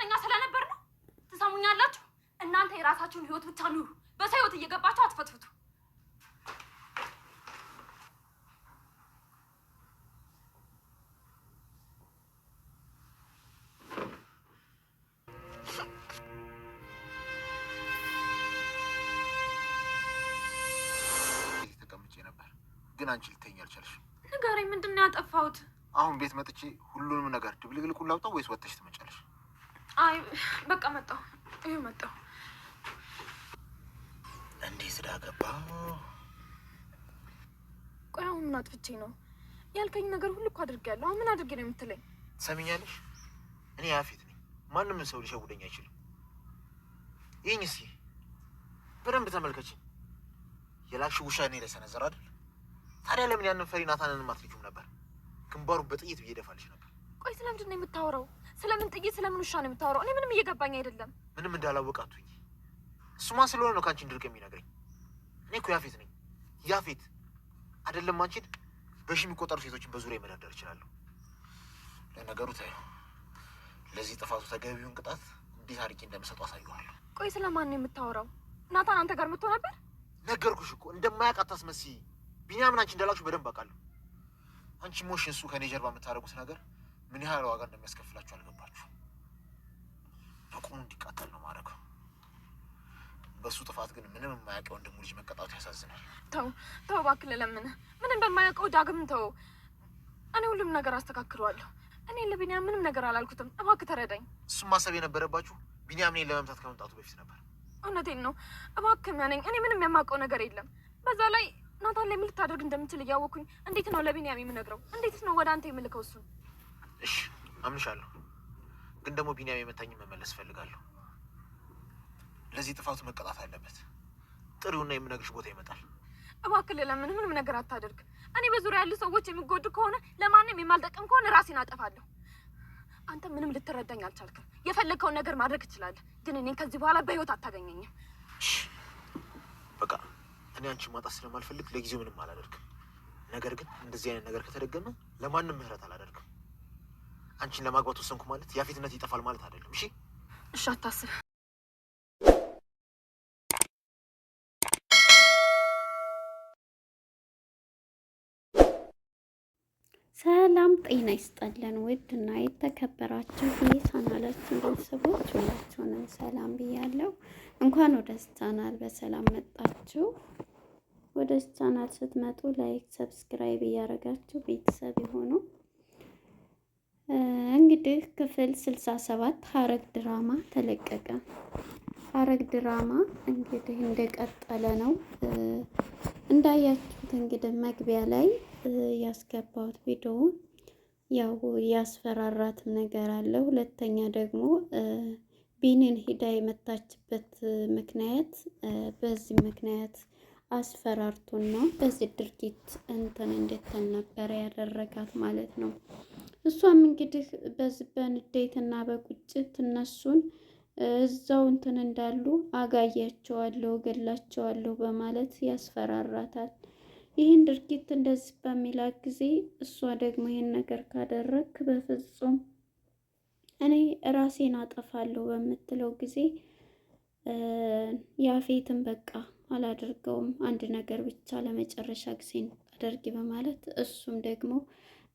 ተኛ ስለነበር ነው። ትሰሙኛላችሁ? እናንተ የራሳችሁን ህይወት ብቻ ኑሩ። በሰው ህይወት እየገባችሁ አትፈትፍቱ። ተቀምጬ ነበር፣ ግን አንቺ ልተኛ አልቻልሽም። ንገረኝ፣ ምንድን ነው ያጠፋሁት? አሁን ቤት መጥቼ ሁሉንም ነገር ድብልቅልቁን ላውጣው ወይስ ወጥተሽ ትመጫለሽ? አይ በቃ መጣሁ፣ ይኸው መጣሁ። እንዲህ ስዳ ገባ። ቆይ አሁን ምን አጥፍቼ ነው? ያልከኝ ነገር ሁሉ እኮ አድርጌያለሁ። አሁን ምን አድርጌ ነው የምትለኝ? ትሰሚኛለሽ? እኔ ያፌት ነኝ። ማንም ሰው ሊሸውደኝ አይችልም። ይህኝ እስኪ በደንብ ተመልከችኝ። የላክሽው ውሻ እኔ ላይ አይደል? ታዲያ ለምን ያንን ፈሪ ናታንን አትልኪውም ነበር? ግንባሩን በጥይት ብዬ እደፋልሽ ነበር። ቆይ ስለምንድን ነው የምታወራው? ስለምን ጥይት ስለምን ውሻ ነው የምታወራው? እኔ ምንም እየገባኝ አይደለም። ምንም እንዳላወቃቱኝ እሱማ ስለሆነ ነው ከአንቺን ድርቅ የሚነግረኝ። እኔ እኮ ያፌት ነኝ ያፌት አይደለም አንቺን በሺ የሚቆጠሩ ሴቶችን በዙሪያ የመዳደር እችላለሁ። ለነገሩ ታዩ ለዚህ ጥፋቱ ተገቢውን ቅጣት እንዴት አድርጌ እንደምሰጡ አሳየዋለሁ። ቆይ ስለማን ነው የምታወራው? ናታን አንተ ጋር መጥቶ ነበር? ነገርኩሽ እኮ እንደማያውቅ አታስመስይ። ቢኒያምን አንቺ እንዳላችሁ በደንብ አውቃለሁ። አንቺ ሞሽ እሱ ከኔ ጀርባ የምታደርጉት ነገር ምን ያህል ዋጋ እንደሚያስከፍላችሁ አልገባችሁ። በቁሙ እንዲቃጠል ነው ማድረግ። በእሱ ጥፋት ግን ምንም የማያውቀው ወንድሙ ልጅ መቀጣቱ ያሳዝናል። ተው ተው እባክህ ለምን ምንም በማያውቀው ዳግም ተው። እኔ ሁሉም ነገር አስተካክለዋለሁ። እኔ ለቢኒያም ምንም ነገር አላልኩትም። እባክህ ተረዳኝ። እሱም ማሰብ የነበረባችሁ ቢኒያም እኔን ለመምታት ከመምጣቱ በፊት ነበር። እውነቴን ነው። እባክህ እመነኝ። እኔ ምንም የማውቀው ነገር የለም። በዛ ላይ ናታን ላይ ምን ልታደርግ እንደምችል እያወቅኩኝ እንዴት ነው ለቢኒያም የምነግረው? እንዴት ነው ወደ አንተ የምልከው እሱን እሺ አምንሻለሁ፣ ግን ደግሞ ቢኒያም የመታኝ መመለስ እፈልጋለሁ። ለዚህ ጥፋቱ መቀጣት አለበት። ጥሪውና የምነግርሽ ቦታ ይመጣል። እባክል ለምን ምንም ነገር አታደርግ። እኔ በዙሪያ ያሉ ሰዎች የሚጎዱ ከሆነ ለማንም የማልጠቅም ከሆነ ራሴን አጠፋለሁ። አንተ ምንም ልትረዳኝ አልቻልክም። የፈለግከውን ነገር ማድረግ ትችላለህ፣ ግን እኔን ከዚህ በኋላ በህይወት አታገኘኝም። በቃ እኔ አንቺን ማጣት ስለማልፈልግ ለጊዜው ምንም አላደርግም። ነገር ግን እንደዚህ አይነት ነገር ከተደገመ ለማንም ምህረት አላደርግም። አንቺን ለማግባት ወሰንኩ ማለት ያፊትነት ይጠፋል ማለት አይደለም። እሺ፣ እሺ፣ አታስብ። ሰላም ጤና ይስጠልን። ውድ እና የተከበራችሁ የቻናላችን ቤተሰቦች ሁላችሁንም ሰላም ብያለሁ። እንኳን ወደ ቻናል በሰላም መጣችሁ። ወደ ቻናል ስትመጡ ላይክ፣ ሰብስክራይብ እያደረጋችሁ ቤተሰብ የሆኑ እንግዲህ ክፍል ስልሳ ሰባት ሐረግ ድራማ ተለቀቀ። ሐረግ ድራማ እንግዲህ እንደቀጠለ ነው። እንዳያችሁት እንግዲህ መግቢያ ላይ ያስገባሁት ቪዲዮ ያው ያስፈራራትም ነገር አለ። ሁለተኛ ደግሞ ቢኒን ሂዳ የመታችበት ምክንያት በዚህ ምክንያት አስፈራርቱና በዚህ ድርጊት እንትን እንድትል ነበረ ያደረጋት ማለት ነው። እሷም እንግዲህ በዚህ በንዴትና በቁጭት እነሱን እዛው እንትን እንዳሉ አጋያቸዋለሁ፣ ገላቸዋለሁ በማለት ያስፈራራታል። ይህን ድርጊት እንደዚህ በሚላት ጊዜ እሷ ደግሞ ይህን ነገር ካደረግክ በፍጹም እኔ ራሴን አጠፋለሁ በምትለው ጊዜ ያፌትን በቃ አላደርገውም፣ አንድ ነገር ብቻ ለመጨረሻ ጊዜ አደርጊ በማለት እሱም ደግሞ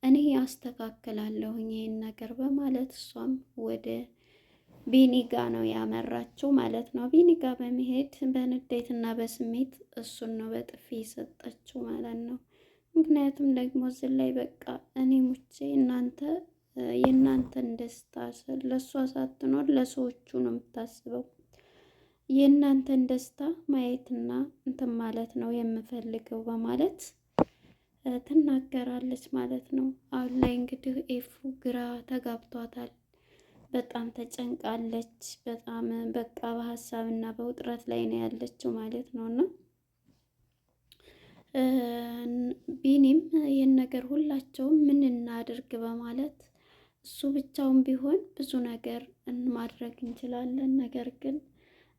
እኔ ያስተካከላለሁኝ ይህን ነገር በማለት እሷም ወደ ቢኒጋ ነው ያመራችው ማለት ነው። ቢኒጋ በመሄድ በንዴት እና በስሜት እሱን ነው በጥፊ የሰጠችው ማለት ነው። ምክንያቱም ደግሞ እዚህ ላይ በቃ እኔ ሙቼ እናንተ የእናንተን ደስታ ለእሷ ሳትኖር ለሰዎቹ ነው የምታስበው። የእናንተን ደስታ ማየትና እንትን ማለት ነው የምፈልገው በማለት ትናገራለች ማለት ነው። አሁን ላይ እንግዲህ ኤፉ ግራ ተጋብቷታል። በጣም ተጨንቃለች። በጣም በቃ በሀሳብ እና በውጥረት ላይ ነው ያለችው ማለት ነው። እና ቢኒም ይህን ነገር ሁላቸውም ምን እናድርግ በማለት እሱ ብቻውን ቢሆን ብዙ ነገር ማድረግ እንችላለን፣ ነገር ግን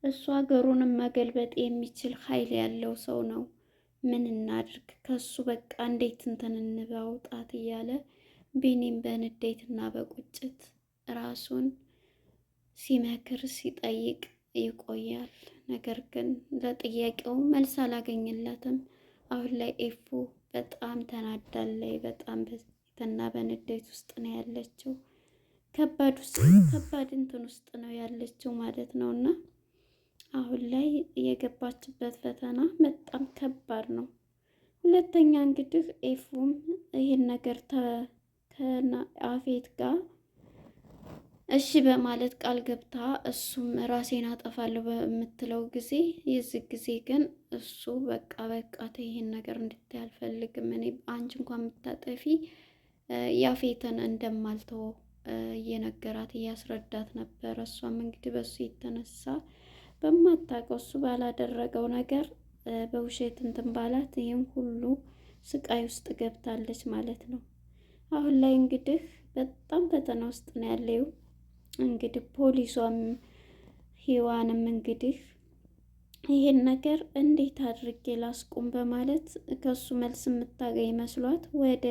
እሱ ሀገሩንም መገልበጥ የሚችል ኃይል ያለው ሰው ነው ምን እናድርግ ከሱ በቃ እንዴት እንትን እንባውጣት እያለ ቢኒም በንዴትና በቁጭት ራሱን ሲመክር ሲጠይቅ ይቆያል። ነገር ግን ለጥያቄው መልስ አላገኝለትም። አሁን ላይ ኤፉ በጣም ተናዳለይ። በጣም በትና በንዴት ውስጥ ነው ያለችው። ከባድ ውስጥ ከባድ እንትን ውስጥ ነው ያለችው ማለት ነው እና አሁን ላይ የገባችበት ፈተና በጣም ከባድ ነው። ሁለተኛ እንግዲህ ኤፉም ይህን ነገር ከአፌት ጋር እሺ በማለት ቃል ገብታ እሱም ራሴን አጠፋለሁ በምትለው ጊዜ የዚህ ጊዜ ግን እሱ በቃ በቃ ተይ ይህን ነገር እንድታይ አልፈልግም፣ እኔ አንቺ እንኳን የምታጠፊ ያፌትን እንደማልተው እየነገራት እያስረዳት ነበር። እሷም እንግዲህ በእሱ የተነሳ በማታውቀው እሱ ባላደረገው ነገር በውሸት እንትን ባላት ይህም ሁሉ ስቃይ ውስጥ ገብታለች ማለት ነው። አሁን ላይ እንግዲህ በጣም ፈተና ውስጥ ነው ያለው። እንግዲህ ፖሊሷም ሔዋንም እንግዲህ ይሄን ነገር እንዴት አድርጌ ላስቁም በማለት ከሱ መልስ የምታገኝ መስሏት ወደ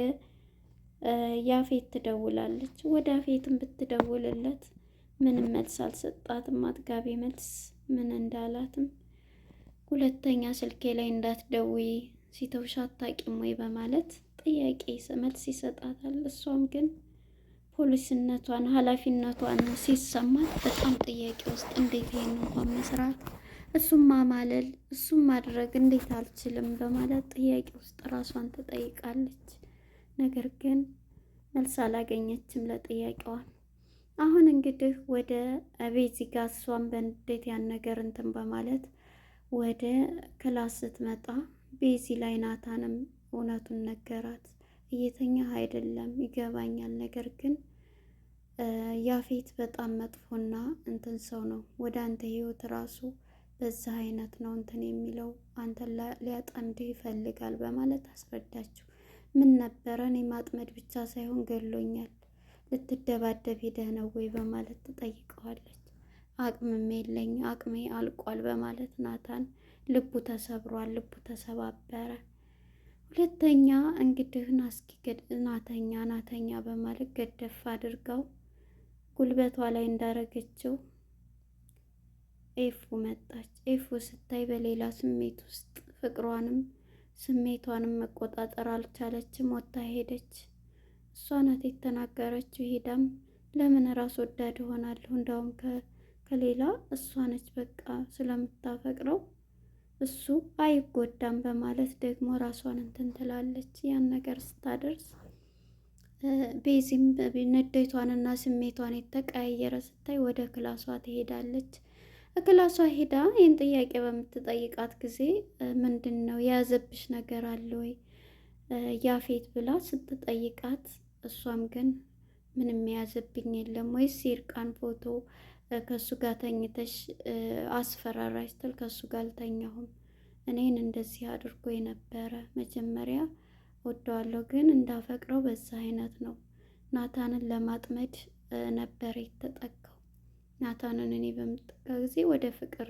ያፌት ትደውላለች። ወደ ያፌትም ብትደውልለት ምንም መልስ አልሰጣትም፣ አጥጋቢ መልስ ምን እንዳላትም ሁለተኛ ስልኬ ላይ እንዳትደውይ ሲተውሽ አታቂም ወይ በማለት ጥያቄ መልስ ይሰጣታል። እሷም ግን ፖሊስነቷን ኃላፊነቷን ሲሰማት በጣም ጥያቄ ውስጥ እንዴት ይሄን እንኳን መስራት እሱም ማማለል እሱም ማድረግ እንዴት አልችልም በማለት ጥያቄ ውስጥ ራሷን ትጠይቃለች። ነገር ግን መልስ አላገኘችም ለጥያቄዋ። አሁን እንግዲህ ወደ ቤዚ ጋ እሷን በንዴት ያን ነገር እንትን በማለት ወደ ክላስ ስትመጣ ቤዚ ላይ ናታንም እውነቱን ነገራት። እየተኛ አይደለም ይገባኛል፣ ነገር ግን ያፌት በጣም መጥፎና እንትን ሰው ነው። ወደ አንተ ህይወት ራሱ በዛ አይነት ነው እንትን የሚለው አንተ ሊያጠምድህ ይፈልጋል በማለት አስረዳችው። ምን ነበረ እኔ ማጥመድ ብቻ ሳይሆን ገሎኛል ልትደባደብ ሂደህ ነው ወይ በማለት ትጠይቀዋለች። አቅምም የለኝ አቅሜ አልቋል በማለት ናታን ልቡ ተሰብሯል፣ ልቡ ተሰባበረ። ሁለተኛ እንግዲህ ናስኪ ናተኛ ናተኛ በማለት ገደፍ አድርገው ጉልበቷ ላይ እንዳረገችው ኤፉ መጣች። ኤፉ ስታይ በሌላ ስሜት ውስጥ ፍቅሯንም ስሜቷንም መቆጣጠር አልቻለችም፣ ወታ ሄደች። እሷ ናት የተናገረችው። ሄዳም ለምን ራስ ወዳድ እሆናለሁ እንዳውም ከሌላ እሷ ነች በቃ ስለምታፈቅረው እሱ አይጎዳም በማለት ደግሞ ራሷን እንትን ትላለች። ያን ነገር ስታደርስ ቤዚም ንዴቷንና ስሜቷን የተቀያየረ ስታይ ወደ ክላሷ ትሄዳለች። ክላሷ ሄዳ ይህን ጥያቄ በምትጠይቃት ጊዜ ምንድን ነው የያዘብሽ ነገር አለ ወይ ያፌት ብላ ስትጠይቃት እሷም ግን ምንም የያዘብኝ የለም ወይስ የእርቃን ፎቶ ከእሱ ጋር ተኝተሽ አስፈራራሽ ስትል ከእሱ ጋር አልተኛሁም። እኔን እንደዚህ አድርጎ የነበረ መጀመሪያ ወደዋለሁ፣ ግን እንዳፈቅረው በዛ አይነት ነው። ናታንን ለማጥመድ ነበር የተጠቀው። ናታንን እኔ በምጠቃ ጊዜ ወደ ፍቅር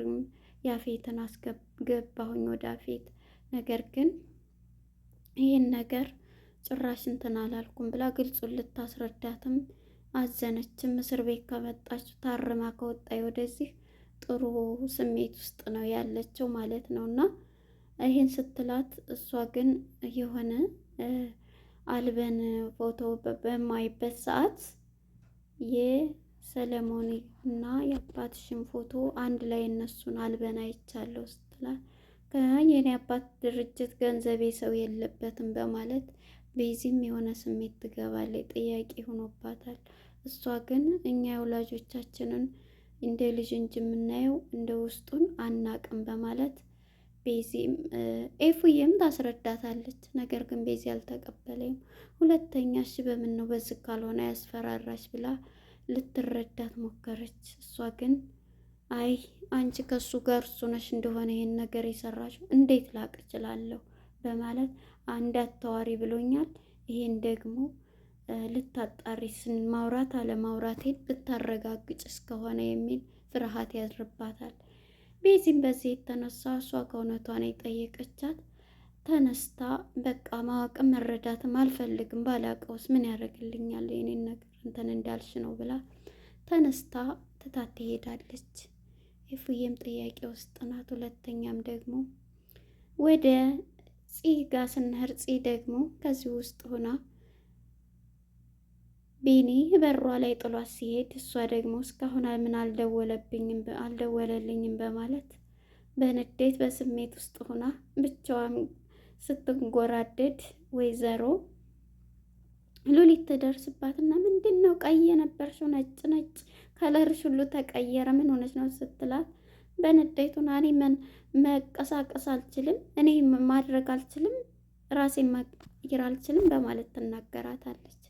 ያፌትን አስገባሁኝ ወደ አፌት ነገር ግን ይህን ነገር ጭራሽ እንትን አላልኩም ብላ ግልጹን ልታስረዳትም አዘነችም። እስር ቤት ከመጣች ታርማ ከወጣች ወደዚህ ጥሩ ስሜት ውስጥ ነው ያለችው ማለት ነው። እና ይህን ስትላት እሷ ግን የሆነ አልበን ፎቶ በማይበት ሰዓት የሰለሞን እና የአባትሽን ፎቶ አንድ ላይ እነሱን አልበን አይቻለሁ ስትላት የኔ አባት ድርጅት ገንዘቤ ሰው የለበትም በማለት ቤዚም የሆነ ስሜት ትገባለች፣ ጥያቄ ሆኖባታል። እሷ ግን እኛ የወላጆቻችንን እንደ ልጅ እንጂ የምናየው እንደ ውስጡን አናቅም በማለት ቤዚም ኤፉዬም ታስረዳታለች። ነገር ግን ቤዚ አልተቀበለም። ሁለተኛ እሺ በምን ነው በዚህ ካልሆነ ያስፈራራች ብላ ልትረዳት ሞከረች። እሷ ግን አይ አንቺ ከሱ ጋር እሱ ነሽ እንደሆነ ይህን ነገር የሰራችው እንዴት ላቅ እችላለሁ በማለት አንድ ተዋሪ ብሎኛል። ይሄን ደግሞ ልታጣሪ ስን ማውራት አለማውራቴን ብታረጋግጭ እስከሆነ የሚል ፍርሃት ያድርባታል። ቤዚም በዚህ የተነሳ እሷ ከእውነቷን የጠየቀቻት ተነስታ በቃ ማወቅም መረዳትም አልፈልግም ባላቀውስ ምን ያደርግልኛል የኔን ነገር እንትን እንዳልሽ ነው ብላ ተነስታ ትታት ትሄዳለች። የፉዬም ጥያቄ ውስጥ ናት። ሁለተኛም ደግሞ ወደ ፂ ጋ ፂ ደግሞ ከዚህ ውስጥ ሆና ቢኒ በሯ ላይ ጥሏት ሲሄድ እሷ ደግሞ እስካሁን ምን አልደወለብኝም አልደወለልኝም በማለት በንዴት በስሜት ውስጥ ሆና ብቻዋን ስትንጎራደድ ወይዘሮ ሉሊት ትደርስባትና ምንድን ነው ቀይ የነበርሽው ነጭ ነጭ ከለርሽ ሁሉ ተቀየረ ምን ሆነች ነው ስትላት በንዴቱና ናኔ ምን መቀሳቀስ አልችልም፣ እኔ ማድረግ አልችልም፣ ራሴ ማቀየር አልችልም በማለት ትናገራታለች።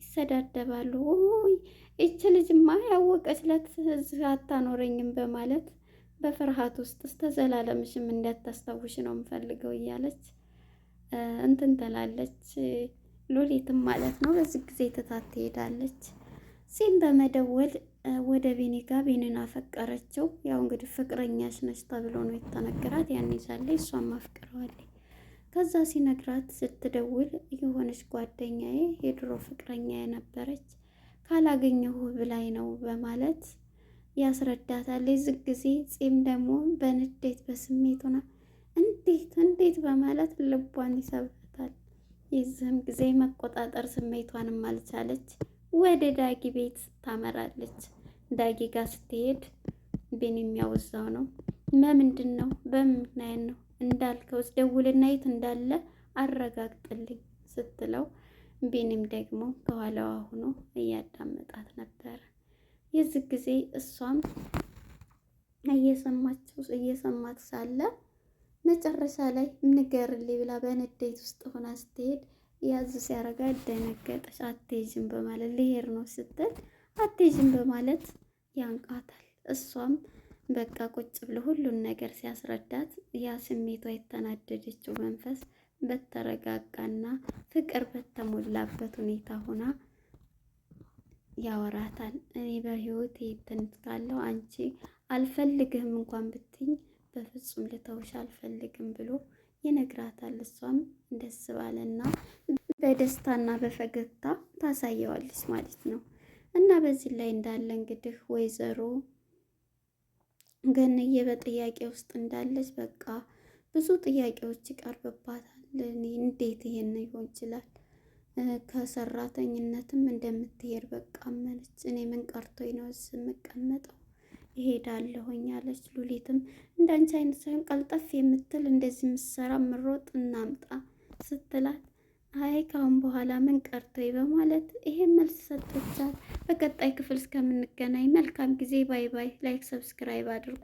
ይሰዳደባሉ። ውይ ይች ልጅማ ያወቀችለት እዚህ አታኖረኝም በማለት በፍርሃት ውስጥ እስከ ዘላለምሽም እንዳታስታውሽ ነው የምፈልገው እያለች እንትን ትላለች። ሉሊትም ማለት ነው በዚህ ጊዜ ትታት ትሄዳለች። ጺም በመደወል ወደ ቤኒ ጋ ቤኒን አፈቀረችው። ያው እንግዲህ ፍቅረኛሽ ነች ተብሎ ነው የተነገራት። ያን ይዛለች፣ እሷም አፍቅረዋለች። ከዛ ሲነግራት ስትደውል የሆነች ጓደኛዬ የድሮ ፍቅረኛ የነበረች ካላገኘሁ ብላይ ነው በማለት ያስረዳታል። ዚ ጊዜ ጺም ደግሞ በንዴት በስሜት ሆና እንዴት እንዴት በማለት ልቧን ይሰብታል። የዚህም ጊዜ መቆጣጠር ስሜቷንም አልቻለች። ወደ ዳጊ ቤት ታመራለች። ዳጊ ጋር ስትሄድ ቤን የሚያወዛው ነው። በምንድን ነው በምናየን ነው እንዳልከው ደውልና የት እንዳለ አረጋግጥልኝ ስትለው ቢኒም ደግሞ ከኋላዋ ሆኖ እያዳመጣት ነበረ። የዚህ ጊዜ እሷም እየሰማችው እየሰማት ሳለ መጨረሻ ላይ ንገርልኝ ብላ በንዴት ውስጥ ሆና ስትሄድ ያዙ ሲያረጋ ደነገጠች። አትሄጂም በማለት ልሄድ ነው ስትል አትሄጂም በማለት ያንቃታል። እሷም በቃ ቁጭ ብሎ ሁሉን ነገር ሲያስረዳት ያ ስሜቷ የተናደደችው መንፈስ በተረጋጋና ፍቅር በተሞላበት ሁኔታ ሆና ያወራታል። እኔ በህይወት ይተንትካለሁ አንቺ አልፈልግህም እንኳን ብትኝ በፍጹም ልተውሽ አልፈልግም ብሎ ይነግራታል። እሷም ደስ ባለና በደስታና በፈገግታ ታሳየዋለች ማለት ነው። እና በዚህ ላይ እንዳለ እንግዲህ ወይዘሮ ገንዬ በጥያቄ ውስጥ እንዳለች በቃ ብዙ ጥያቄዎች ይቀርብባታል። እንዴት ይሄን ይሆን ይችላል? ከሰራተኝነትም እንደምትሄድ በቃ አመነች። እኔ ምን ቀርቶኝ ነው እዚህ የምቀመጠው? እሄዳለሁኝ አለች። ሉሊትም እንዳንቺ አይነት ሳይሆን ቀልጠፍ የምትል እንደዚህ ምሰራ ምሮጥ እናምጣ ስትላት አይ ካሁን በኋላ ምን ቀርቶኝ በማለት ይሄን መልስ ሰጥቶቻል። በቀጣይ ክፍል እስከምንገናኝ መልካም ጊዜ። ባይ ባይ። ላይክ ሰብስክራይብ አድርጉ።